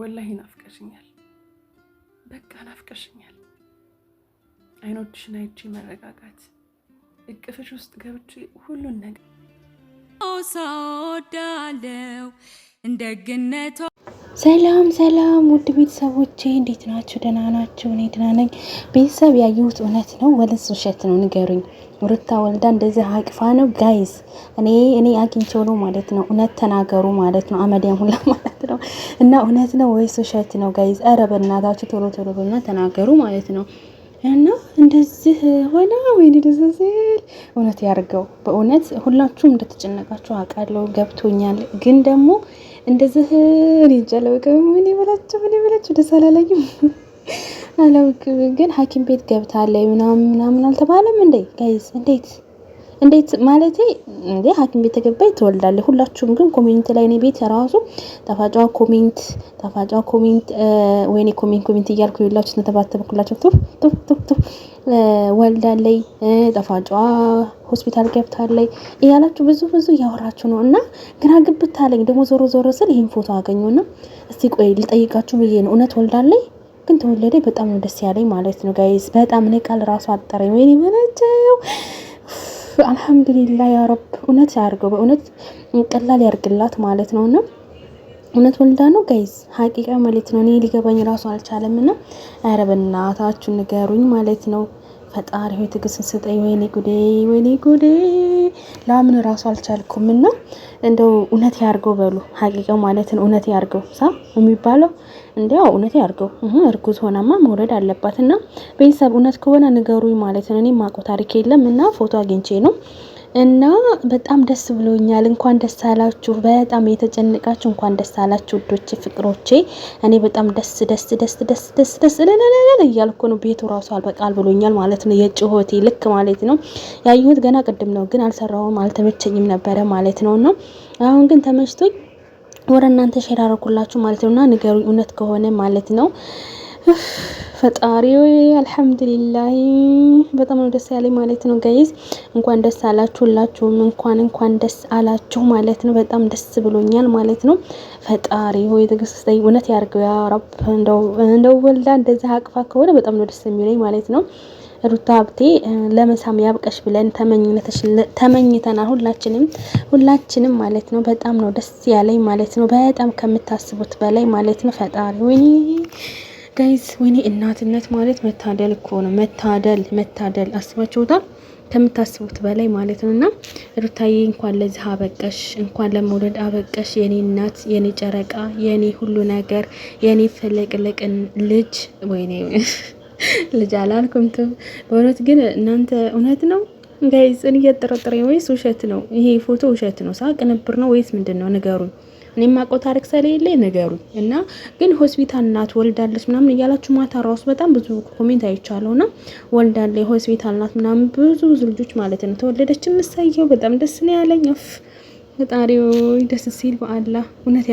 ወላሂ ናፍቀሽኛል፣ በቃ ናፍቀሽኛል። አይኖችሽን አይቼ መረጋጋት፣ እቅፍሽ ውስጥ ገብቼ ሁሉን ነገር ሰው ወዳለው እንደግነቷ ሰላም ሰላም ውድ ቤተሰቦቼ እንዴት ናችሁ? ደህና ናችሁ? እኔ ደህና ነኝ። ቤተሰብ ያየሁት እውነት ነው ወይስ ውሸት ነው? ንገሩኝ። ሩታ ወልዳ እንደዚህ አቅፋ ነው ጋይዝ። እኔ እኔ አግኝቼው ነው ማለት ነው። እውነት ተናገሩ ማለት ነው። አመዲያም ሁላ ማለት ነው። እና እውነት ነው ወይስ ውሸት ነው ጋይዝ? ኧረ በእናታችሁ ቶሎ ቶሎ ብና ተናገሩ ማለት ነው። እና እንደዚህ ሆና ወይኔ ደስ ሲል እውነት ያርገው። በእውነት ሁላችሁም እንደተጨነቃችሁ አውቃለሁ፣ ገብቶኛል። ግን ደግሞ እንደዚህ እኔ እንጃ ምን ይበላችሁ ምን ይበላችሁ ደስ አላለኝም አላውቅም። ግን ሐኪም ቤት ገብታለች ምናምን ምናምን አልተባለም እንዴ ጋይስ? እንዴት እንዴት ማለቴ እንዴ ሐኪም ቤት ተገባይ ትወልዳለህ። ሁላችሁም ግን ኮሚኒቲ ላይ እኔ ቤት ራሱ ጣፋጫ ኮሚንት ጣፋጫ ኮሚንት ወይኔ ኮሜንት ኮሜንት እያልኩ ሁላችሁ ስንተባተብኩላቸው ቱፍ ቱፍ ቱፍ ቱፍ ወልዳለይ ጣፋጫ ሆስፒታል ገብታለይ እያላችሁ ብዙ ብዙ እያወራችሁ ነው እና ግራ ግብት አለኝ። ደግሞ ዞሮ ዞሮ ስል ይህን ፎቶ አገኙና እስቲ ቆይ ልጠይቃችሁ ብዬ ነው እውነት ወልዳለይ ግን ተወለደ። በጣም ነው ደስ ያለኝ ማለት ነው ጋይስ። በጣም እኔ ቃል ራሱ አጠረኝ። ወይኔ መነጨው አልሐምዱሊላ ያረብ እውነት ያርገው፣ በእውነት ቀላል ያርግላት ማለት ነው እና እውነት ወልዳ ነው ጋይዝ፣ ሀቂቃ ማለት ነው። እኔ ሊገባኝ ራሱ አልቻለም እና ኧረ በእናታችሁ ንገሩኝ ማለት ነው። ፈጣሪ ሆይ ትዕግስት ስጠኝ። ወይኔ ጉዴ፣ ወይኔ ጉዴ ለምን ራሱ አልቻልኩም። እና እንደው እውነት ያርገው በሉ ሀቂቀው ማለትን እውነት ያርገው ሳ የሚባለው እንዲያው እውነት ያርገው። እርጉዝ ሆናማ መውረድ አለባት እና ቤተሰብ እውነት ከሆነ ንገሩኝ ማለት ነው። እኔ ማቆ ታሪክ የለም እና ፎቶ አግኝቼ ነው እና በጣም ደስ ብሎኛል። እንኳን ደስ አላችሁ። በጣም የተጨነቃችሁ እንኳን ደስ አላችሁ ውዶቼ፣ ፍቅሮቼ። እኔ በጣም ደስ ደስ ደስ ደስ ደስ ደስ ለለለለ እያልኩ ነው። ቤቱ ራሱ አልበቃል ብሎኛል ማለት ነው። የጭሆቴ ልክ ማለት ነው። ያየሁት ገና ቅድም ነው፣ ግን አልሰራውም፣ አልተመቸኝም ነበረ ማለት ነው። እና አሁን ግን ተመችቶኝ ወደ እናንተ ሼር ማለት ነው። እና ንገሩኝ እውነት ከሆነ ማለት ነው። ፈጣሪው አልሐምዱሊላህ በጣም ነው ደስ ያለኝ ማለት ነው። ጋይዝ እንኳን ደስ አላችሁ ሁላችሁም እንኳን እንኳን ደስ አላችሁ ማለት ነው። በጣም ደስ ብሎኛል ማለት ነው። ፈጣሪው የተገሰሰኝ እውነት ያርገው ያ ረብ። እንደው እንደው ወልዳ እንደዛ አቅፋ ከሆነ በጣም ነው ደስ የሚለኝ ማለት ነው። ሩታ ሀብቴ ለመሳም ያብቀሽ ብለን ተመኝተናል። ሁላችንም ሁላችንም ማለት ነው። በጣም ነው ደስ ያለኝ ማለት ነው። በጣም ከምታስቡት በላይ ማለት ነው። ፈጣሪ ወይኔ ጋይዝ ወይኔ እናትነት ማለት መታደል እኮ ነው። መታደል መታደል አስባችሁታል? ከምታስቡት በላይ ማለት ነው። እና ሩታዬ እንኳን ለዚህ አበቀሽ፣ እንኳን ለመውለድ አበቀሽ። የኔ እናት፣ የኔ ጨረቃ፣ የኔ ሁሉ ነገር፣ የኔ ፍልቅልቅ ልጅ። ወይኔ ልጅ አላልኩም። በእውነት ግን እናንተ እውነት ነው ጋይዝ እያጠረጠረኝ፣ ወይስ ውሸት ነው? ይሄ ፎቶ ውሸት ነው? ሳቅ ነብር ነው ወይስ ምንድን ነው? ንገሩኝ። እኔ ማውቀው ታሪክ ስለሌለ ነገሩ እና ግን ሆስፒታል እናት ወልዳለች ምናምን እያላችሁ ማታ ራሱ በጣም ብዙ ኮሜንት አይቻለሁ። ና ወልዳለ ሆስፒታል እናት ምናምን ብዙ ብዙ ልጆች ማለት ነው ተወለደች። ምሳየው በጣም ደስ ነው ያለኝ። ፍ ፈጣሪው ደስ ሲል በአላህ እውነት